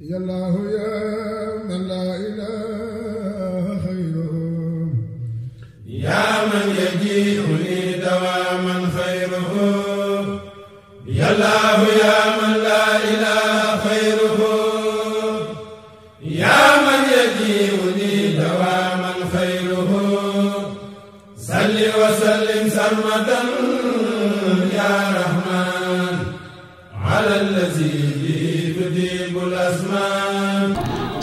يا الله يا من لا إله خيره يا من يجيء لي دواما خيره يا الله يا من لا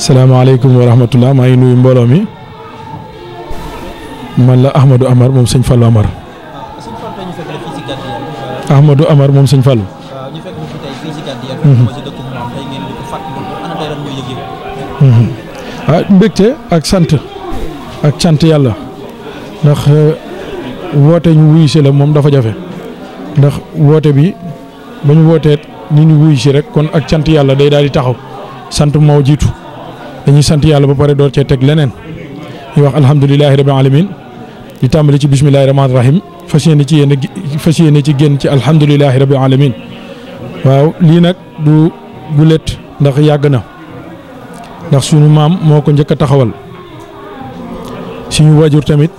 salaamaaleykum wa rahmatullah maa ngi nuyu mbooloo mi man la Ahmadou Amar moom sëñ Fallou Amar. Ahmadou Amar moom sëñ Fallou. ah mbégte ak sant ak cant yàlla ndax euh, woote ñu wuyu si la moom dafa jafe ndax woote bi ba ñu wootee ni ñu wuyu si rek kon ak cant yàlla day daal di taxaw sant moo jiitu. dañuy sant yàlla ba pare door cee teg leneen ñu wax alhamdulilahi rabbil alamin di tàmbali ci bismillahi rahmaani rahim fas yéene ci yéen fas yéene ci génn ci alhamdulilahi rabbil alamin waaw lii nag du gulet ndax yàgg na ndax suñu maam moo ko njëkk a taxawal suñu waajur tamit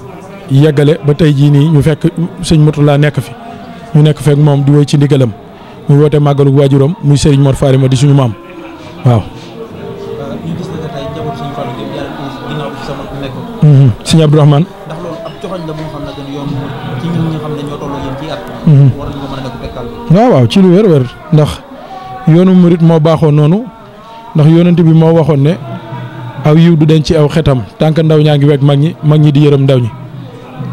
yeggale ba tey jii nii ñu fekk sëñ laa nekk fi ñu nekk fekk moom di woy ci ndigalam muy woote màggalu waajuram muy Serigne Mor Faarima di suñu maam waaw Mhm. sëñ Abdourahmane ndax loolu mhm. waaw waaw ci lu wér wér ndax yoonu murit moo baaxoo noonu ndax yonent bi moo waxoon ne aw yiw du denc ci aw xetam tànk ndaw ñaa ngi wekk mag ñi mag ñi di yërëm ndaw ñi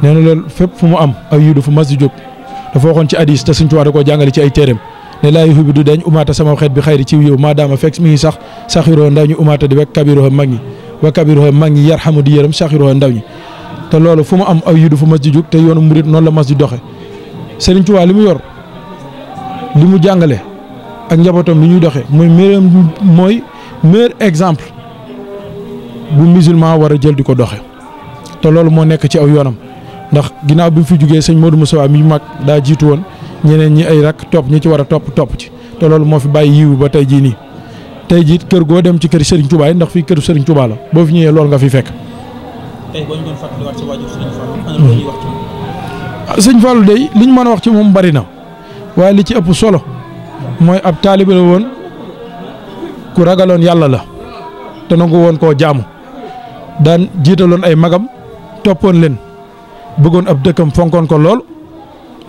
nee na loolu fépp fu mu am aw yiw du fu mas di jóg dafa waxoon ci hadis te Sëñ koo jàngale ci ay téeréem ne laa yiw du denc umaata sama xeet bi xayri ci yow maadaama fekk mi ngi sax saxiroo ndaw ñi umaata di wekk kabiroo mag ñi wa kabiruha mag ñi di yaram saxiruha ndawni te loolu fuma am aw yidu fuma mas di te yonu murit non la mas di Serigne Touba limu yor limu jangalé ak njabotam ni ñuy doxé moy meilleur moy meilleur exemple bu musulman wara a jël diko doxé te loolu mo nek ci aw yonam ndax ginaaw bi fi jugee serigne Modou Moussa mi mag da won ñeneen ñi ay rak top ñi ci wara top top ci te loolu mo fi bayyi yiwu ba tay ji ni tey jii kër goo dem ci kër Serigne Touba ndax fii kër Serigne Touba la ñu doon fàttaliwaat sa waajur hmm. ah, Serigne Fallou. de li ñu mën a wax ci moom bari na waaye li ci ëpp solo mooy ab taalibe la woon ku ragaloon yàlla la te nangu woon koo jaamu daan jiitaloon ay magam toppoon leen bëggoon ab dëkkam fonkoon ko lool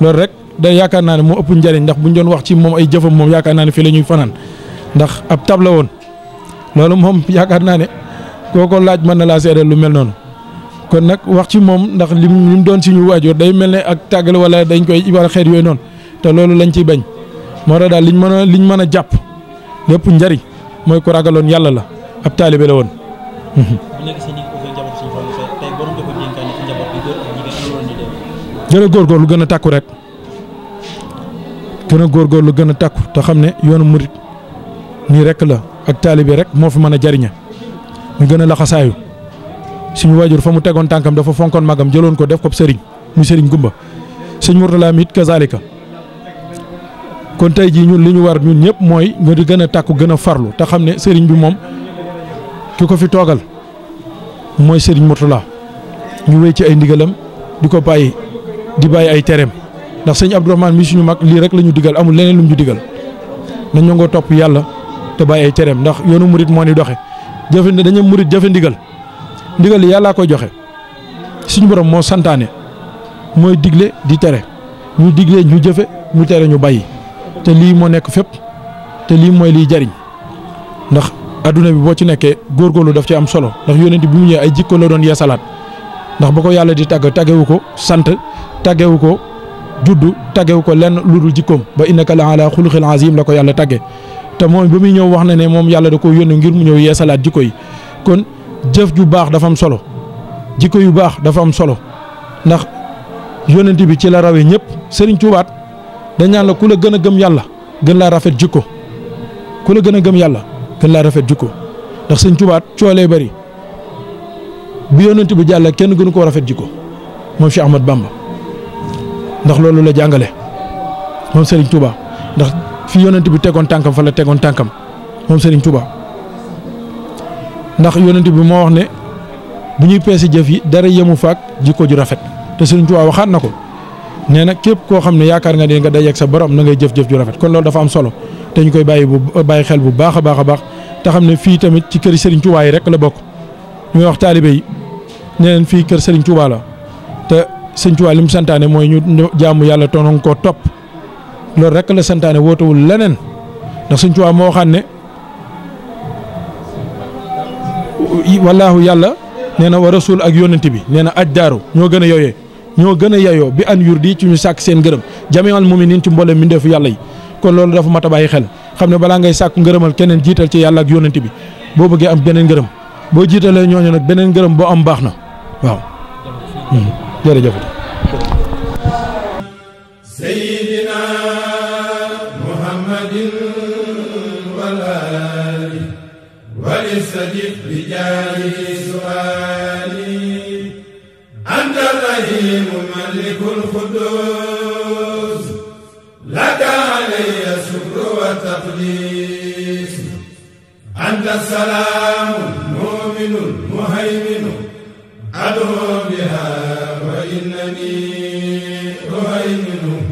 loolu rek da yaakaar naa ne moo ëpp njëriñ ndax bu ñu doon wax ci moom ay jëfam moom yaakaar naa ne fi la ñuy fanaan. ndax ab tab la woon loolu moom yaakaar naa ne koo ko laaj mën na laa seedeel lu mel noonu kon nag wax ci moom ndax lim lim doon suñu waajur day mel ne ak tàggal wala dañ koy wala xeet yooyu noonu te loolu lañ ciy bañ moo tax daal liñ mën a mën a jàpp lépp njariñ mooy ku ragaloon yàlla la ab taalibe la woon. Mhm. gën a góorgóorlu gën a takku rek gën góor góorgóorlu gën a takku te xam ne yoonu murit nii rekk la ak taalibe rek moo fi mën a jariña ñu gën a laxasaayu suñu waajur fa mu tegoon tànkam dafa fonkoon magam jëloon ko def ko sëriñ muy sëriñ gumba sëñ Mourtala mi it kazalika kon tey jii ñun li ñu war ñun ñëpp mooy nga di gën a tàkku gën a farlu te xam ne sëriñ bi moom ki ko fi toogal mooy sëriñ Mourtala ñu wéy ci ay ndigalam di ko bàyyi di bàyyi ay tereem ndax sëñ Abdourahmane mi suñu mag lii rek lañu digal amul leneen lu mu ñu digal na ñoo te bàyyi ay tereem ndax yoonu murit moo ni doxe jëfe dañu murit jëfe ndigal ndigal li yàllaa koy joxe suñu borom moo santaane mooy digle di tere ñu digle ñu jëfe ñu tere ñu bàyyi te lii moo nekk fépp te lii mooy liy jariñ ndax adduna bi boo ci nekkee góorgóorlu daf ci am solo ndax yónent bi mu ñëwee ay jikko la doon salaat ndax ba ko yàlla di tàgg tàggewu ko sant tàggewu ko juddu tàggewu ko lenn lu dul jikkoom ba innaka la ala xuluqil azim la ko yàlla tàgge te moom ba muy ñëw wax na ne moom yàlla da ko yónni ngir mu yee yeesalaat jikko yi kon jëf ju baax dafa am solo jikko yu baax dafa am solo ndax yónnent bi ci la rawee ñëpp Serigne Touba dañ ñaan la ku la gën a gëm yàlla gën laa rafet jikko ku la gën a gëm yàlla gën laa rafet jikko ndax Serigne Touba coolee bari bu yónnent bi jàll kenn gënu koo rafet jikko moom Cheikh Ahmad Bamba ndax loolu la jàngale moom Serigne Touba ndax fi yonent bi tegoon tànkam fa la tegoon tànkam moom Serigne Touba ndax yonent bi moo wax ne bu ñuy peese jëf yi dara yemu faak jikko ju rafet te Serigne Touba waxaat na ko nee na képp koo xam ne yaakaar nga ne nga dajeeg sa borom na ngay jëf-jëf ju rafet kon loolu dafa am solo te ñu koy bàyyi bu bàyyi xel bu baax baax a baax te xam ne fii tamit ci kër Serigne Touba yi rek la bokk ñuy wax taalibe yi ne fii kër Serigne Touba la te Serigne Touba li mu santaane mooy ñu jaamu yàlla tonoon koo topp. loolu rek la santaane wootewul leneen ndax suñ tuwaa moo xam ne wallaahu yàlla nee na wa rasul ak yónnent bi nee na ajjaaru ñoo gën a yooyee ñoo gën a yayoo bi an yurdi ci ñu sàkk seen ngërëm jamial muminin ci mboolem mbindeefu yàlla yi kon loolu dafa mat a bàyyi xel xam ne balaa ngay sàkku ngërëmal keneen jiital ci yàlla ak yónnent bi boo bëggee am beneen ngërëm boo jiitalee ñooñu nag beneen ngërëm boo am baax na waaw hmm. الصديق بجاهه سؤالي أنت الرحيم الملك القدوس لك علي الشكر والتقديس أنت السلام المؤمن المهيمن أدعو بها وإنني أهيمن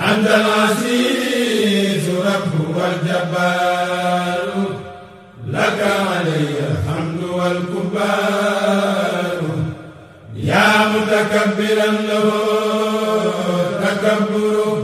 أنت العزيز رب والجبار yaa mutakabbiran lahu takabburan